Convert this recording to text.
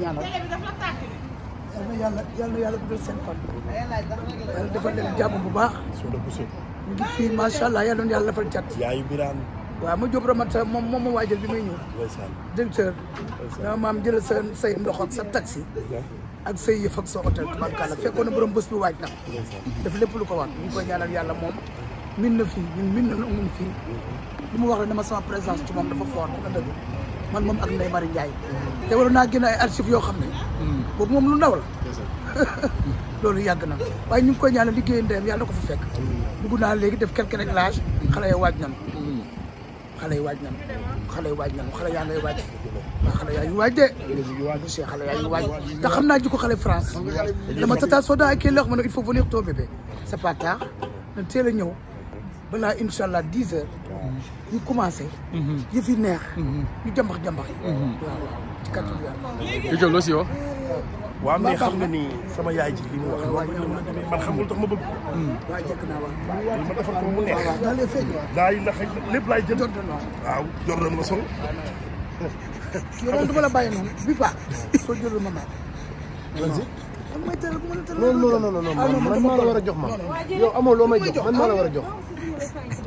ñaanal yal na yàlla yal yàlla bu dul seen fan yàlla defal bu baax ñu ngi fii macha allah yal na yàlla defal cat yaayu biraan waaw ma jóob ramata moom moom ma waajal bi may ñëw directeur dama maam jëlal sa say ndox ak sa taxi ak say yëf ak sa hôtel tubaarkàlla fekkoon na borom bés bi waaj na def lépp lu ko wax ñu ngi ñaanal yàlla moom min na fii ñun min na mun fii li mu wax la ne ma sama présence ci moom dafa fort dafa dëgg man moom ak Ndeye Marie Ndiaye te waroon naa génne ay archives yoo xam ne. Hmm. boobu moom lu ndaw la. loolu yàgg na waaye ñu ngi koy ñaanal liggéeyu ndeyam yàlla ko fa fekk. dugg naa léegi def quelques réglages hmm. xale yi waaj nañu. Hmm. xale yi waaj na xale yi waaj nañu xale yaa ngay waaj. waaw xale yaa ngi waaj de. monsieur xale yaa ngi waaj te xam naa jikko xale France. dama tata soda ak kii la wax ma ne il faut venir tôt bébé c'est pas tard na teel a ñëw. balaa incha allah dix heures. ñu commencé. Mhm. yëf yi neex. Mhm. ñu jàmbax jàmbax. Mhm. waaw waaw ci kàttan yàlla. Jël loo si wax. waaw mais xam nga ni sama yaay ji li mu wax man xamul tax ma bëgg ko. waaw jëkk naa waaw. ma defar ko mu neex. waaw daal fekk. daal yi ndax lépp laay jël. waaw Jordan nga sol. yow man du ma la bàyyi noonu bi pa soo jëlul ma maay. non non non non ah, man maa la war a jox ma yow amoo loo may jox man maa la war a jox.